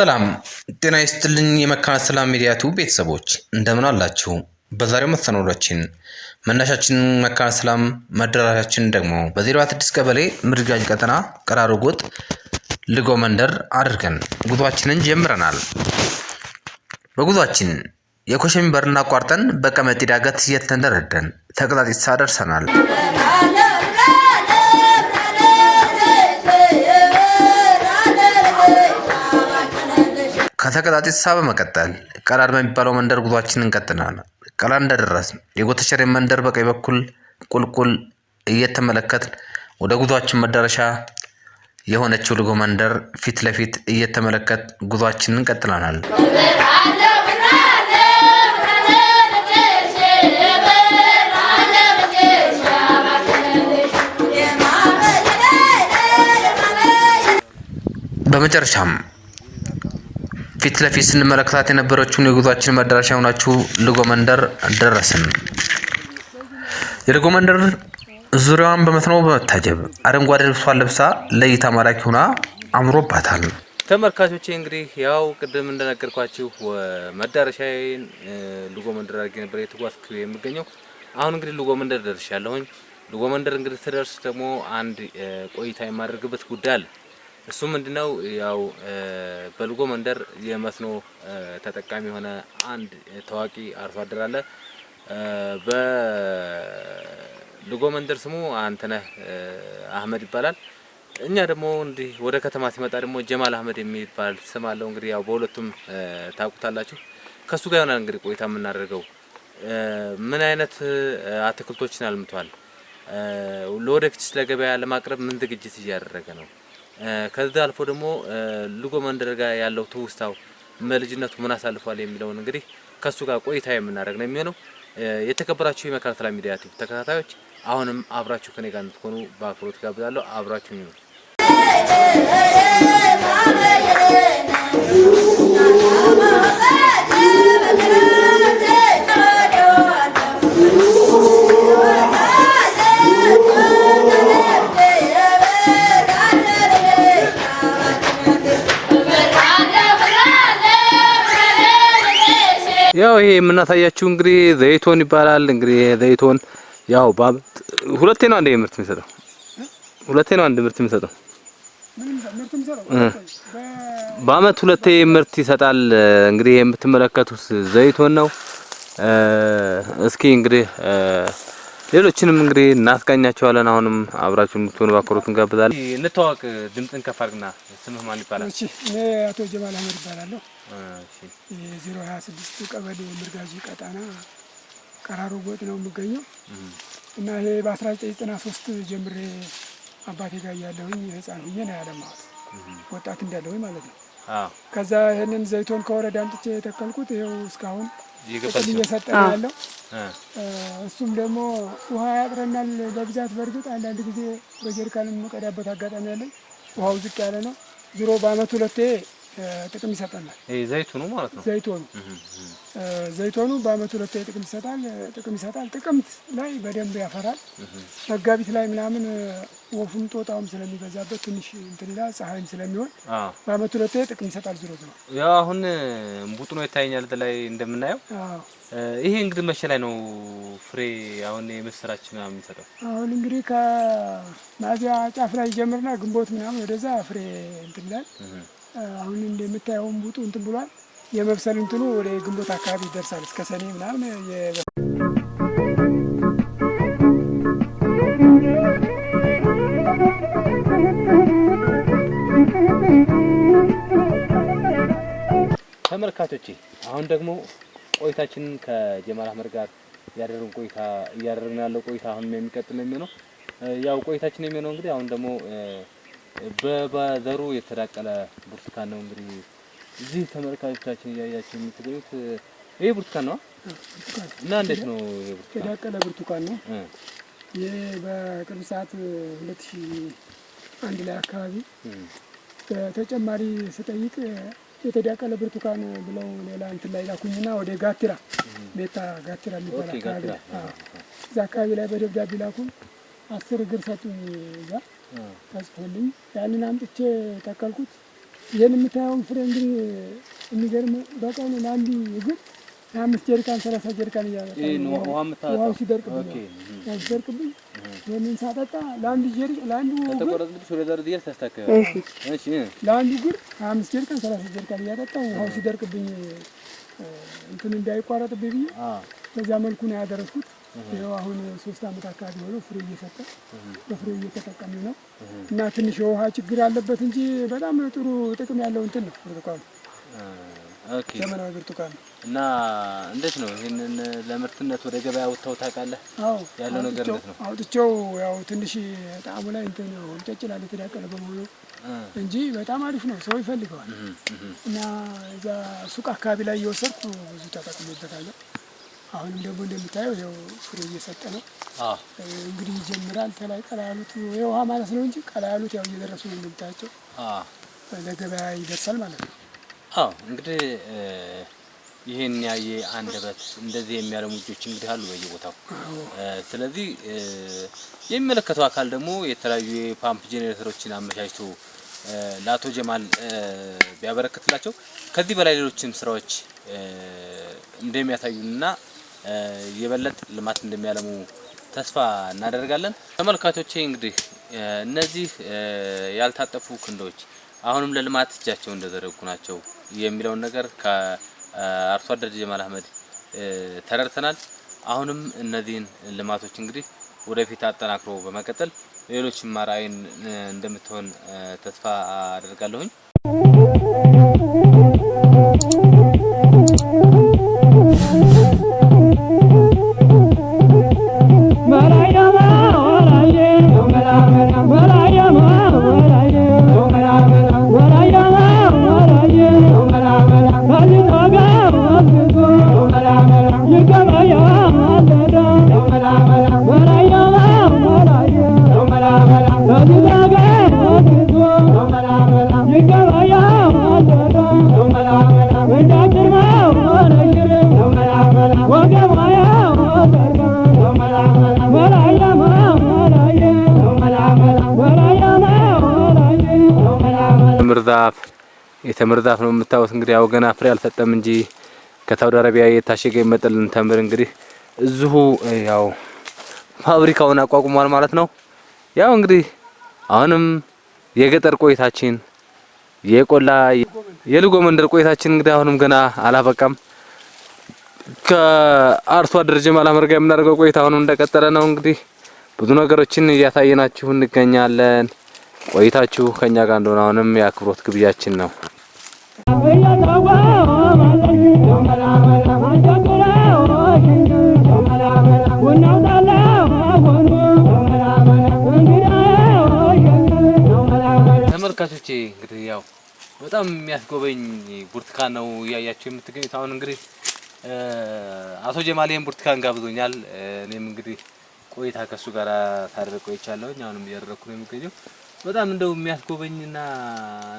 ሰላም ጤና ይስጥልኝ። የመካነ ሰላም ሚዲያ ቱ ቤተሰቦች እንደምን አላችሁ? በዛሬው መሰናዷችን መነሻችን መካነ ሰላም መደራሻችን ደግሞ በ026 ቀበሌ ምድጋጅ ቀጠና ቀራሮ ጎጥ ልጎ መንደር አድርገን ጉዟችንን ጀምረናል። በጉዟችን የኮሸሚ በርና አቋርጠን በቀመጢ ዳገት እየተንደረደን ተቀጣጢሳ ደርሰናል። ከተቀጣጢ ሳ በመቀጠል ቀላል በሚባለው መንደር ጉዟችን እንቀጥናል። ቀላል እንደደረስን የጎተሸሬ መንደር በቀኝ በኩል ቁልቁል እየተመለከትን ወደ ጉዟችን መዳረሻ የሆነችው ልጎ መንደር ፊት ለፊት እየተመለከት ጉዟችን እንቀጥላናል። በመጨረሻም ፊት ለፊት ስንመለከታት የነበረችውን የጉዟችን መዳረሻ የሆናችሁ ልጎ መንደር ደረስን። የልጎ መንደር ዙሪያዋን በመስኖ በመታጀብ አረንጓዴ ልብሷን ለብሳ ለእይታ ማራኪ ሆና አምሮባታል። ተመልካቾቼ እንግዲህ ያው ቅድም እንደነገርኳችሁ መዳረሻዬን ልጎ መንደር አድርጌ ነበር የተጓዝኩ የሚገኘው። አሁን እንግዲህ ልጎ መንደር ደርሻለሁኝ። ልጎ መንደር እንግዲህ ትደርስ ደግሞ አንድ ቆይታ የማደርግበት ጉዳይ አለ። እሱ ምንድነው ያው በልጎ መንደር የመስኖ ተጠቃሚ የሆነ አንድ ታዋቂ አርሶ አደር አለ። በልጎ መንደር ስሙ አንተነህ አህመድ ይባላል። እኛ ደግሞ እንዲህ ወደ ከተማ ሲመጣ ደግሞ ጀማል አህመድ የሚባል ስም አለው። እንግዲህ ያው በሁለቱም ታውቁታላችሁ። ከሱ ጋር ይሆናል እንግዲህ ቆይታ የምናደርገው ምን አይነት አትክልቶችን አልምቷል፣ ለወደፊት ስለገበያ ለማቅረብ ምን ዝግጅት እያደረገ ነው ከዛ አልፎ ደግሞ ልጎ መንደር ጋር ያለው ትውስታው መልጅነቱ ምን አሳልፏል የሚለውን እንግዲህ ከሱ ጋር ቆይታ የምናደርግ ነው የሚሆነው። የተከበራችሁ የመከላከላ ሚዲያ ዩቲዩብ ተከታታዮች አሁንም አብራችሁ ከኔ ጋር እንድትሆኑ በአክብሮት ጋብዛለሁ። አብራችሁ ነው ያው ይሄ የምናሳያችሁ እንግዲህ ዘይቶን ይባላል። እንግዲህ ዘይቶን ያው ሁለቴ ነው አንድ ምርት የሚሰጠው፣ ሁለቴ ነው አንድ ምርት የሚሰጠው። በአመት ሁለቴ ምርት ይሰጣል። እንግዲህ የምትመለከቱት ዘይቶን ነው። እስኪ እንግዲህ ሌሎችንም እንግዲህ እናስቃኛቸዋለን። አሁንም አብራችሁ እንድትሆኑ ባክሮት እንጋብዛለን። እንተዋወቅ፣ ድምፅን ከፍ አድርግና ስምህ ማን ይባላል? እሺ፣ እኔ አቶ ጀማል አህመድ ይባላለሁ። እሺ፣ የዜሮ ሀያ ስድስቱ ቀበሌ ምርጋጂ ቀጣና ቀራሮ ጎጥ ነው የምገኘው እና ይሄ በ1993 ጀምሬ አባቴ ጋር እያለሁኝ ህፃን ሁኜ ነው ያለማሁት ወጣት እንዳለሁኝ ማለት ነው። ከዛ ይህንን ዘይቶን ከወረዳ አምጥቼ የተከልኩት ይኸው እስካሁን ጥቅል እየሰጠ ያለው እሱም ደግሞ ውሃ ያጥረናል በብዛት። በእርግጥ አንዳንድ ጊዜ በጀሪካን የምንቀዳበት አጋጣሚ ያለን፣ ውሃው ዝቅ ያለ ነው። ዞሮ በአመት ሁለቴ ጥቅም ይሰጠናል። ዘይቶኑ ማለት ነው። ዘይቶኑ ዘይቶኑ በአመት ሁለቴ ጥቅም ይሰጣል። ጥቅም ይሰጣል። ጥቅምት ላይ በደንብ ያፈራል። መጋቢት ላይ ምናምን ወፉም ጦጣውም ስለሚበዛበት ትንሽ እንትን ይላል። ፀሐይም ስለሚሆን በአመት ሁለቴ ጥቅም ይሰጣል። ዝሮ ዝሮ ያው አሁን እምቡጥ ነው ይታየኛል ላይ እንደምናየው። ይሄ እንግዲህ መቼ ላይ ነው ፍሬ አሁን የምስራች ምናምን የሚሰጠው? አሁን እንግዲህ ከሚያዝያ ጫፍ ላይ ጀምርና ግንቦት ምናምን ወደዛ ፍሬ እንትን ይላል። አሁን እንደምታየው እምቡጡ እንትን ብሏል። የመብሰል እንትኑ ወደ ግንቦት አካባቢ ይደርሳል። እስከ ሰኔ ምናምን ተመልካቾቼ አሁን ደግሞ ቆይታችንን ከጀማል አህመድ ጋር ያደረግን ቆይታ እያደረግን ያለው ቆይታ አሁን የሚቀጥል የሚሆነው ያው ቆይታችን የሚሆነው እንግዲህ አሁን ደግሞ በዘሩ የተዳቀለ ብርቱካን ነው። እንግዲህ እዚህ ተመልካቾቻችን እያያቸው የምትገኙት ይሄ ብርቱካን ነው እና እንዴት ነው ይሄ ብርቱካን? የተዳቀለ ብርቱካን ነው። ይሄ በቅርብ ሰዓት ሁለት ሺህ አንድ ላይ አካባቢ በተጨማሪ ስጠይቅ የተዳቀለ ብርቱካን ብለው ሌላ እንትን ላይ ላኩኝና ወደ ጋትራ ቤታ ጋትራ የሚባል አካባቢ እዛ አካባቢ ላይ በደብዳቤ ላኩኝ። አስር እግር ሰጡኝ። እዛ ተጽፎልኝ ያንን አምጥቼ ተከልኩት። ይህን የምታየውን ፍሬ እንግዲህ የሚገርም በቀን ለአንዱ እግር አምስት ጀሪካን ሰላሳ ጀሪካን እያወጣ ውሃው ሲደርቅብኝ ሲደርቅብኝ ይህንን ሳጠጣ ለአንዱ ጀሪ ለአንዱ ለአንዱ ጉር አምስት ጀሪካን ሰላሳ ጀሪካን እያጠጣ ውሃው ሲደርቅብኝ እንትን እንዳይቋረጥብኝ ብዬ በዚያ መልኩ ነው ያደረስኩት ይኸው አሁን ሶስት ዓመት አካባቢ ሆነው ፍሬ እየሰጠ በፍሬ እየተጠቀሙ ነው እና ትንሽ የውሃ ችግር አለበት እንጂ በጣም ጥሩ ጥቅም ያለው እንትን ነው ብርቱካኑ፣ ዘመናዊ ብርቱካን ነው። እና እንዴት ነው ይህንን ለምርትነት ወደ ገበያ ወጣው ታውቃለህ? አዎ ያለው ነገር ነው? አውጥቼው ያው ትንሽ ጣዕሙ ላይ እንትን ነው ጨጭላል የተዳቀለ በመሆኑ እንጂ በጣም አሪፍ ነው፣ ሰው ይፈልገዋል። እና እዛ ሱቅ አካባቢ ላይ እየወሰድኩ ብዙ ተጠቅሜበታለሁ። አሁንም ደግሞ እንደምታየው ያው ፍሬ እየሰጠ ነው። እንግዲህ ይጀምራል። ተላይ ቀላ ያሉት የውሃ ማለት ነው እንጂ ቀላ ያሉት ያው እየደረሱ ነው እንደምታያቸው፣ ለገበያ ይደርሳል ማለት ነው። አዎ እንግዲህ ይሄን ያየ አንደበት እንደዚህ የሚያለሙ ልጆች እንግዲህ አሉ በየቦታው። ስለዚህ የሚመለከተው አካል ደግሞ የተለያዩ የፓምፕ ጄኔሬተሮችን አመቻችቶ ለአቶ ጀማል ቢያበረክትላቸው ከዚህ በላይ ሌሎችም ስራዎች እንደሚያሳዩና የበለጥ ልማት እንደሚያለሙ ተስፋ እናደርጋለን። ተመልካቾቼ እንግዲህ እነዚህ ያልታጠፉ ክንዶች አሁንም ለልማት እጃቸው እንደዘረጉ ናቸው የሚለውን ነገር አርሶ አደር ጀማል አህመድ ተረድተናል። አሁንም እነዚህን ልማቶች እንግዲህ ወደፊት አጠናክሮ በመቀጠል ሌሎች ማራይን እንደምትሆን ተስፋ አደርጋለሁኝ። የተምር ዛፍ የተምር ዛፍ ነው የምታዩት። እንግዲህ ያው ገና ፍሬ አልሰጠም እንጂ ከሳውዲ አረቢያ የታሸገ ይመጣልን ተምር እንግዲህ እዚሁ ያው ፋብሪካውን አቋቁሟል ማለት ነው። ያው እንግዲህ አሁንም የገጠር ቆይታችን የቆላ የልጎ መንደር ቆይታችን እንግዲህ አሁንም ገና አላበቃም። ከአርሶ አደር ጅማላ የምናደርገው ቆይታ አሁንም እንደቀጠለ ነው። እንግዲህ ብዙ ነገሮችን እያሳየናችሁ እንገኛለን። ቆይታችሁ ከኛ ጋር እንደሆነ አሁንም የአክብሮት ግብዣችን ነው። ተመልካቾች እንግዲህ ያው በጣም የሚያስጎበኝ ብርቱካን ነው እያያችሁ የምትገኙት። አሁን እንግዲህ አቶ ጀማሌን ብርቱካን ጋብዞኛል። እኔም እንግዲህ ቆይታ ከእሱ ጋር ታድሬ ቆይቻለሁኝ። አሁንም እያደረኩ ነው የሚገኘው በጣም እንደው የሚያስጎበኝና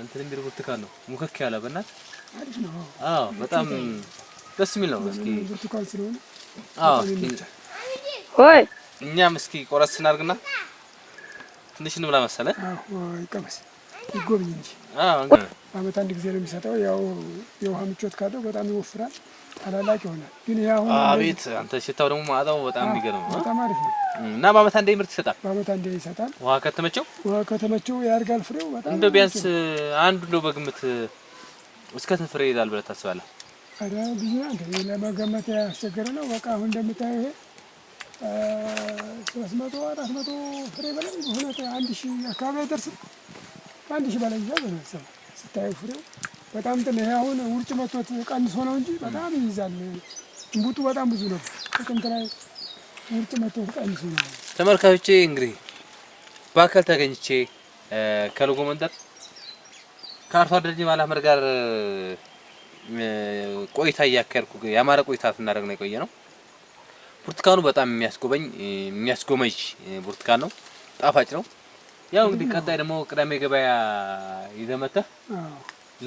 እንትን የሚል ብርቱካን ነው። ሙከክ ያለ በእናት አሪፍ ነው። አዎ በጣም ደስ የሚል ነው። እስኪ ብርቱካን ስለሆነ አዎ ወይ እኛም እስኪ ቆረስ እናድርግና ትንሽ እንብላ መሰለህ። አዎ ይቀመስ ይጎብኝ እንጂ በዓመት አንድ ጊዜ ነው የሚሰጠው። ያው የውሃ ምቾት ካለው በጣም ይወፍራል፣ ታላላቅ ይሆናል። ግን አሁን አቤት አንተ ሽታው ደግሞ ማጣው በጣም የሚገርም በጣም አሪፍ ነው እና በአመት አንዴ ምርት ይሰጣል። በዓመት አንዴ ይሰጣል። ውሃ ከተመቸው ውሃ ከተመቸው ያድጋል ፍሬው በጣም እንደው ቢያንስ አንዱ እንደው በግምት እስከ ስንት ፍሬ ይይዛል ብለህ ታስባለህ? አረ ብዙ ነው ለመገመት ያስቸገረ ነው። በቃ አሁን እንደምታየው ይሄ ሶስት መቶ አራት መቶ ፍሬ በላይ በሆነ አንድ ሺህ አካባቢ አይደርስም። ከአንድ ሺህ በላይ ይዛል በመሰብ ስታዩ ፍሬው በጣም ጥን ይሄ አሁን ውርጭ መቶት ቀንሶ ነው እንጂ በጣም ይይዛል። እንቡጡ በጣም ብዙ ነው። ጥቅምት ላይ ውርጭ መቶት ቀንሶ ነው። ተመልካቾቼ እንግዲህ በአካል ተገኝቼ ከልጎ መንጠር ከአርሶ አደር ማላመር ጋር ቆይታ እያካሄድኩ የአማረ ቆይታ ስናደርግ ነው የቆየ ነው። ብርቱካኑ በጣም የሚያስጎበኝ የሚያስጎመጅ ብርቱካን ነው። ጣፋጭ ነው። ያው እንግዲህ ቀጣይ ደግሞ ቅዳሜ ገበያ ይዘመተ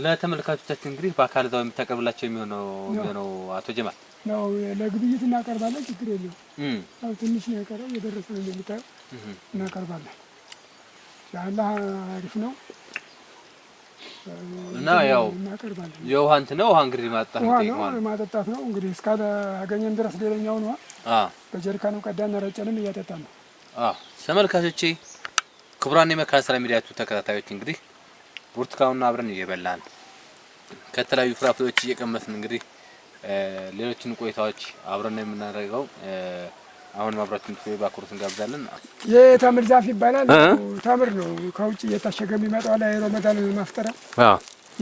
ለተመልካቾቻችን እንግዲህ በአካል እዛው የምታቀርብላቸው የሚሆነው የሚሆነው አቶ ጀማል ነው። ለግብይት እናቀርባለን፣ ችግር የለውም። ያው ትንሽ ነው የቀረው፣ የደረሰ ነው የሚታየው፣ እናቀርባለን። ያላ አሪፍ ነው እና ያው የውሃ እንትን ነው። ውሃ እንግዲህ ማጠጣት ነው ማጠጣት ነው እንግዲህ እስካለ አገኘን ድረስ ሌላኛውን ውሃ ነው ቀዳን ረጨንም እያጠጣ ነው። ተመልካቾቼ ክቡራን የመካነ ሰላም ሚዲያቱ ተከታታዮች እንግዲህ ብርቱካኑን አብረን እየበላን ከተለያዩ ፍራፍሬዎች እየቀመስን እንግዲህ ሌሎችን ቆይታዎች አብረን ነው የምናደርገው። አሁን ማብራችን ትይ ባኩሩት እንጋብዛለን። ይሄ ተምር ዛፍ ይባላል። ተምር ነው ከውጭ እየታሸገ የሚመጣው ላይ ሮመዳን ማፍጠሪያ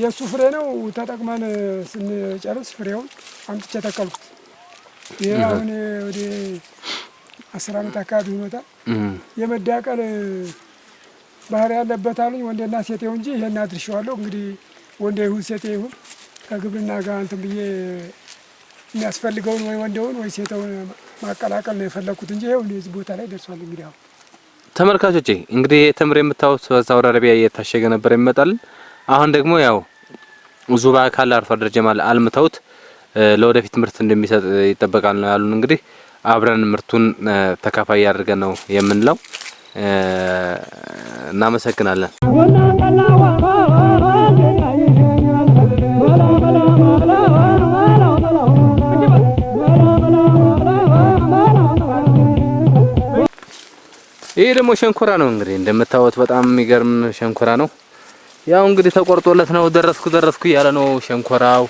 የእሱ ፍሬ ነው። ተጠቅመን ስንጨርስ ፍሬውን አምጥቼ ተከልኩት። ይህ አሁን ወደ አስር ዓመት አካባቢ ይመጣል የመዳቀል ባህር ያለበት አሉኝ ወንዴና ሴቴው እንጂ ይሄን አድርሸዋለሁ። እንግዲህ ወንዴ ይሁን ሴቴ ይሁን ከግብርና ጋር እንትን ብዬ የሚያስፈልገውን ወይ ወንዴውን ወይ ሴተውን ማቀላቀል ነው የፈለግኩት እንጂ ይኸው እዚህ ቦታ ላይ ደርሷል። እንግዲህ አሁን ተመልካቾቼ እንግዲህ የተምር የምታዩት ሳውዲ አረቢያ እየታሸገ ነበር ይመጣል። አሁን ደግሞ ያው ዙባ ካለ አርሶ አደር ጀማል አልምተውት ለወደፊት ምርት እንደሚሰጥ ይጠበቃል ነው ያሉን። እንግዲህ አብረን ምርቱን ተካፋይ ያደርገ ነው የምንለው። እናመሰግናለን። ይህ ደግሞ ሸንኮራ ነው እንግዲህ እንደምታዩት በጣም የሚገርም ሸንኮራ ነው። ያው እንግዲህ ተቆርጦለት ነው ደረስኩ ደረስኩ እያለ ነው ሸንኮራው።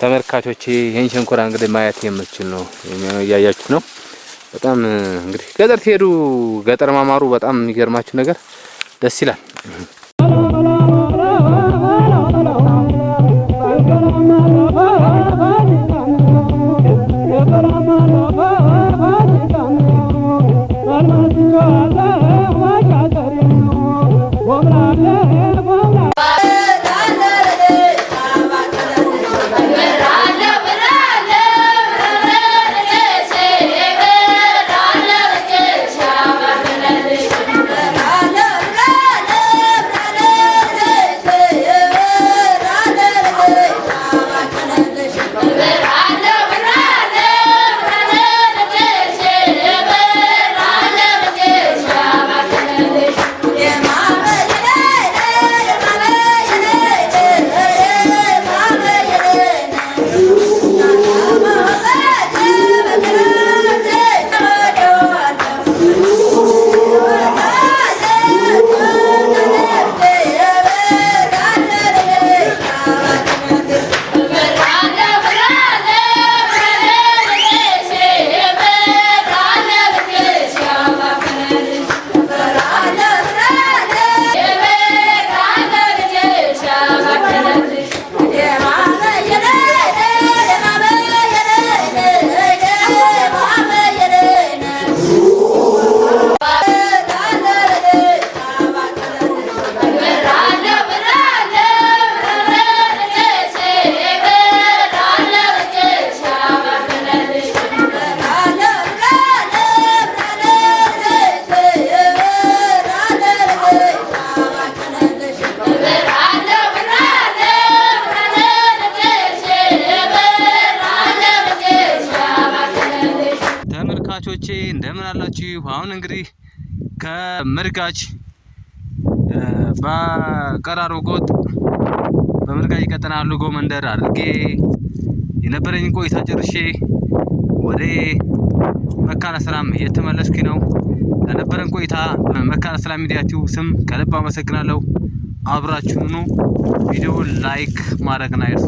ተመልካቾቼ ይህን ሸንኮራ እንግዲህ ማየት የምችል ነው እያያችሁ ነው። በጣም እንግዲህ ገጠር ትሄዱ ገጠር ማማሩ በጣም የሚገርማችሁ ነገር ደስ ይላል። በምርጋች በቀራሮ ጎጥ በምርጋች ቀጠና አድርጎ መንደር አድርጌ የነበረኝ ቆይታ ጨርሼ ወደ መካነ ሰላም እየተመለስኩኝ ነው። ለነበረን ቆይታ በመካነ ሰላም ሚዲያ ቲዩብ ስም ከልብ አመሰግናለሁ። አብራችሁኑ ቪዲዮውን ላይክ ማድረግ አይርሱ።